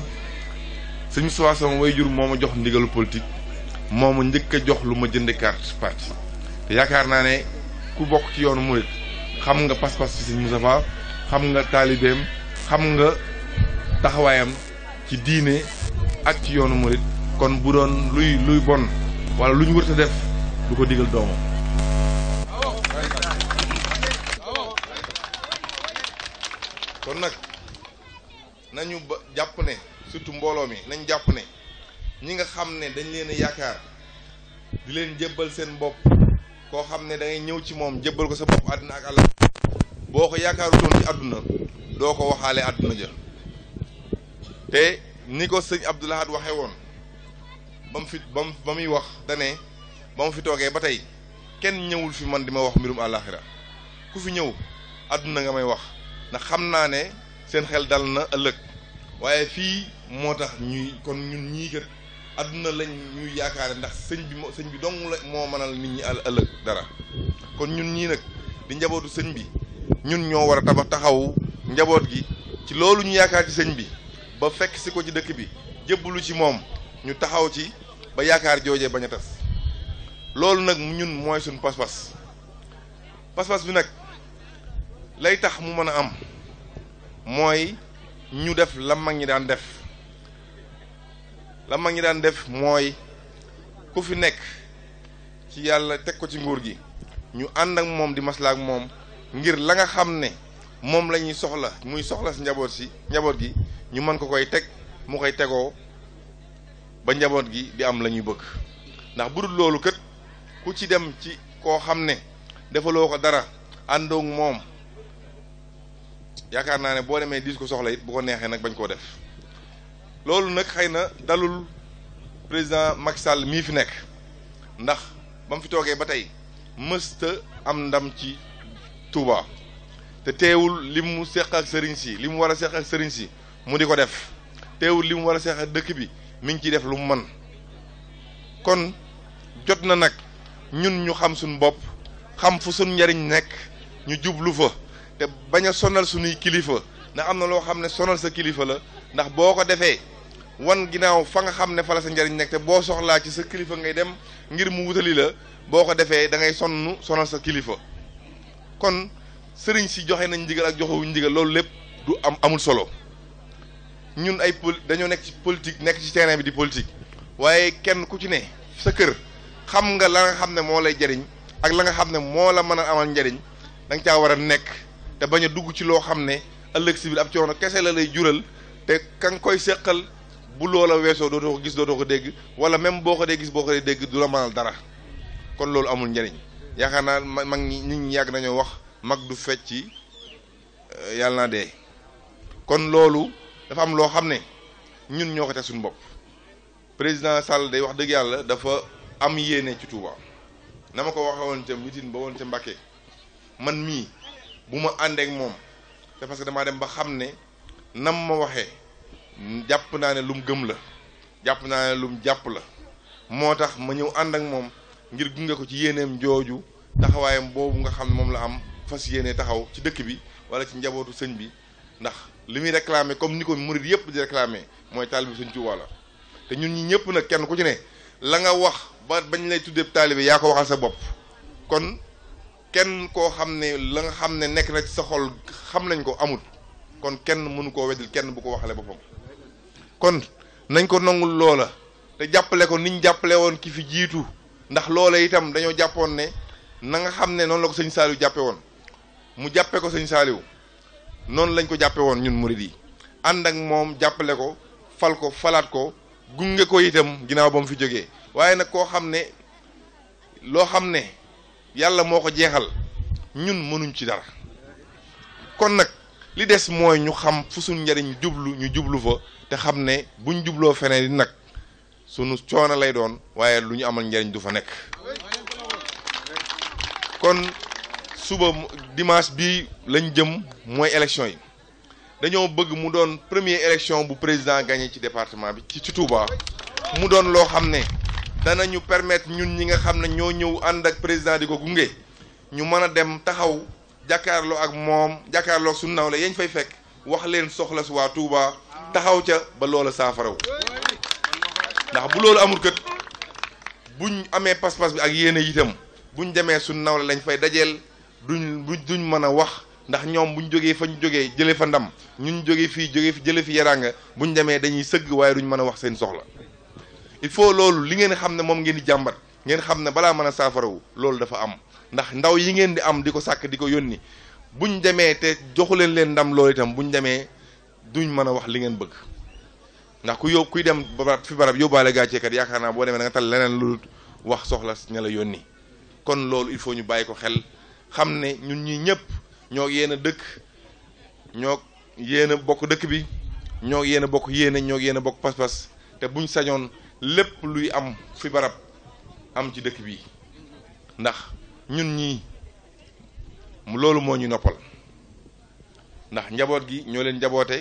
serigne Moussa wayjur moma jox ndigal politique momu njëkk jox luma jënd carte parti te yaakaar na né ku bok ci yoonu mourid xam nga pas-pas ci sëñ Moustapha xam nga talibem xam nga taxawayam ci diiné ak ci yoonu mourid kon bu doon luy luy bon wala luñu ñu wërta def du ko digal doomam kon nak nañu japp surtout mbolo mi nañ japp ne ñi nga xam ne dañ leen a yaakaar di leen jébbal seen bopp koo xam ne da ñëw ci moom jébbal ko sa bopp àddina ak àlla boo ko yaakaarutoon ci àdduna doo ko waxaale àdduna ja te ni ko sëñ Abdou Lahad waxee woon ba mu fi ba mu ba muy wax dane ba mu fi toogee ba tey kenn ñëwul fi man di ma wax mbirum àllaaxira ku fi ñëw àdduna nga may wax ndax xam naa ne seen xel dal na ëllëg waaye fii moo tax ñuy kon ñun ñii kat aduna lañ ñuy yaakaare ndax señ bi señ bi dong la mo manal nit ñi al ëlëk dara kon ñun ñi nak di njabootu señ bi ñun ño wara tabax taxaw njaboot gi ci loolu ñu yaakaar ci señ bi ba fekk ci ko ci dëkk bi jëbbalu ci mom ñu taxaw ci ba yaakaar jojé baña tass tas loolu nak ñun moy suñu pas-pas pas-pas bi nak lay tax mu mëna am moy ñu def la mag daan def la mag ñi daan def mooy ku fi nekk ci yàlla teg ko ci nguur gi ñu ànd ak moom di maslaak moom ngir la nga xam ne moom la ñuy soxla muy soxla si njaboot si njaboot gi ñu mën ko koy teg mu koy tegoo ba njaboot gi di am la ñuy bëgg ndax bu dul loolu kët ku ci dem ci koo xam ne defaloo ko dara àndoog moom yaakaar naa ne boo demee diis ko soxla it bu ko neexee nag bañ koo def loolu nag xëy na dalul président Macky Sall mii fi nekk ndax ba mu fi toogee ba tey mësta am ndam ci Touba te teewul li mu seq ak sëriñ si li mu war a seq ak sëriñ mu di ko def teewul li mu war a seq ak dëkk bi mi ngi ciy def lu mu mën kon jot na nag ñun ñu xam suñu bopp xam fu suñu njariñ nekk ñu jublu fa te bañ a sonal suñuy kilifa ndax am na loo xam ne sonal sa kilifa la ndax boo ko defee wan ginnaaw fa nga xam ne fa sa njariñ nekk te boo soxlaa ci sa kilifa ngay dem ngir mu wutali la boo ko defee da ngay sonn sonal sa kilifa kon sëriñ si joxe nañ ndigal ak joxewuñ ndigal loolu lépp du am amul solo ñun ay pol dañoo nekk ci politique nekk ci terrain bi di politique waaye kenn ku ci ne sa kër xam nga la nga xam ne moo lay jariñ ak la nga xam ne moo la mën a amal njariñ danga nga caa war a nekk te bañ a dugg ci loo xam ne ëllëg si biir ab coono kese la lay jural te ka koy seqal bu loola weesoo do ko gis do ko deg wala même boko deg gis boko deg du la manal dara kon loolu amul njariñ yaakaar naa mag ni ñi yag nañu wax mag du fecci euh, yàlla naa kon loolu dafa am lo xamne ñun ñoko ko suñ bop président Sall day wax deug yalla dafa am yene ci Touba nama ko mitin ba won man mi buma ande ak mom te parce que dama dem ba xamne nam ma waxe jàpp naa ne lum gëm la jàpp naa ne lum jàpp la moo tax ma ñëw ànd ak moom ngir gunge ko ci yéeneem jooju taxawaayam boobu nga xam ne moom la am fas yéene taxaw ci dëkk bi wala ci njabootu sëñ bi ndax li muy réclamé comme ni ko murid yëpp di réclamé mooy taalibe sëñ Tuubaa la te ñun ñi ñëpp nag kenn ku ci ne la nga wax ba bañ lay tuddee taalibe yaa ko waxal sa bopp kon kenn koo xam ne la nga xam ne nekk na ci sa xol xam nañ ko amut kon kenn mënu koo weddil kenn bu ko waxale boppam kon nañ ko nangul loola te jàppale ko niñ jàppale woon ki fi jiitu ndax loola itam dañoo jàppoon ne na nga xam ne noonu la ko sëñ Saaliw jàppe woon mu jàppe ko sëñ Saaliw noonu lañ ko jàppe woon ñun murid yi ànd ak moom jàppale ko fal ko falaat ko gunge ko itam ginnaaw ba mu fi jógee waaye nag koo xam ne loo xam ne yàlla moo ko jeexal ñun mënuñ ci dara li des mooy ñu xam fu suñ njariñ jublu ñu jublu fa te xam ne buñ jubloo feneen di nag sunu coono lay doon waaye lu ñu amal njariñ du fa nekk kon suba dimanche bi lañ jëm mooy élection yi dañoo bëgg mu doon premier élection bu président gagné ci département bi ci ci Touba mu doon loo xam ne ñu permettre ñun ñi nga xam ne ñoo ñëw ànd ak président di ko gunge ñu mën a dem taxaw jàkkaarloo ak moom jàkkaarloo su nawle yañ fay fekk wax leen soxla su waa Touba taxaw ca ba loola saafaraw ndax bu loolu amul kët buñ amee pas-pas bi ak yéene itam ñu demee su nawle lañ fay dajeel duñ duñ mën a wax ndax ñoom buñ jógee fa ñu jógee jëlee fa ndam ñun jógee fii jógee fi jëlee fi yaraanga ñu demee dañuy sëgg waaye duñ mën a wax seen soxla il faut loolu li ngeen xam ne moom ngeen di jàmbat ngeen xam ne balaa mën a saafarawu loolu dafa am. ndax ndaw yi ngeen di am di ko sàkk di ko yónni buñ demee te joxu leen leen ndam loolu itam ñu demee duñ mën a wax li ngeen bëgg ndax ku yób kuy dem fi barab yóbbaale gàcceekat yaakaar naa boo demee da nga tal leneen lu wax soxla ña la yónni kon loolu il faut ñu bàyyi ko xel xam ne ñun ñii ñëpp ñoo yéen a dëkk ñoo yéen a bokk dëkk bi ñoo yéen a bokk yéene ñoo yéen a bokk pas-pas te buñ sañoon lépp luy am fi barab am ci dëkk bi ndax ñun ñii loolu moo ñu noppal ndax njaboot gi ñoo leen njaboote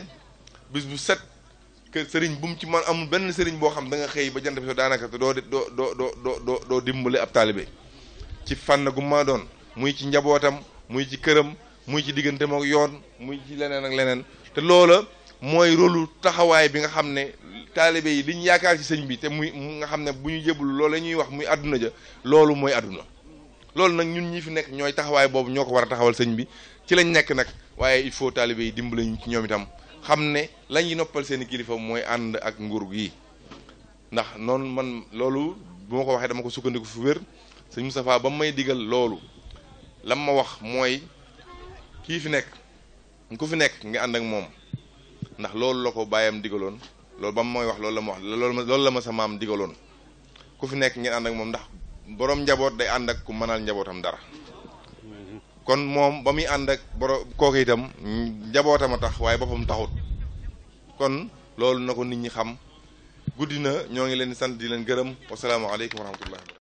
bis bu set kër sëriñ bu mu ci man amul benn sëriñ boo xam da nga xëy ba jant bi so daanaka te doo doo doo doo doo doo dimbale ab taalibe ci fànn gu ma doon muy ci njabootam muy ci këram muy ci diggante ak yoon muy ci leneen ak leneen te loola mooy rôlu taxawaay bi nga xam ne taalibe yi liñ yaakaar ci sëñ bi te muy nga xam ne bu ñu jébul loolu la ñuy wax muy àdduna ja loolu mooy àdduna lol nak ñun ñi fi nek ñoy taxaway bobu ñoko wara war taxawal señ bi ci lañ nek nak waye il faut talibé yi dimbale ñu ci ñoom itam xamné lañ yi noppal seen kilifa moy, and ak nguur gi ndax non man lolou bu ma ko waxee dama ko sukkandiku fu wër señ Moustapha ba may digal lolou lam ma wax moy ki fi nek ku fi nek nga and ak mom ndax lolou lako bayam bàyyam lolou bam moy wax lolou la ma wax lolou la ma sa mam digaloon ku fi nek ngeen and ak mom ndax boroom njaboot day ànd ak ku mënal njabootam dara kon moom ba muy ànd ak boro kooku itam njabootam a tax waaye boppam taxut kon loolu na ko nit ñi xam guddi na ñoo ngi leen di sant di leen gërëm wasalaamaaleykum wa rahmatullah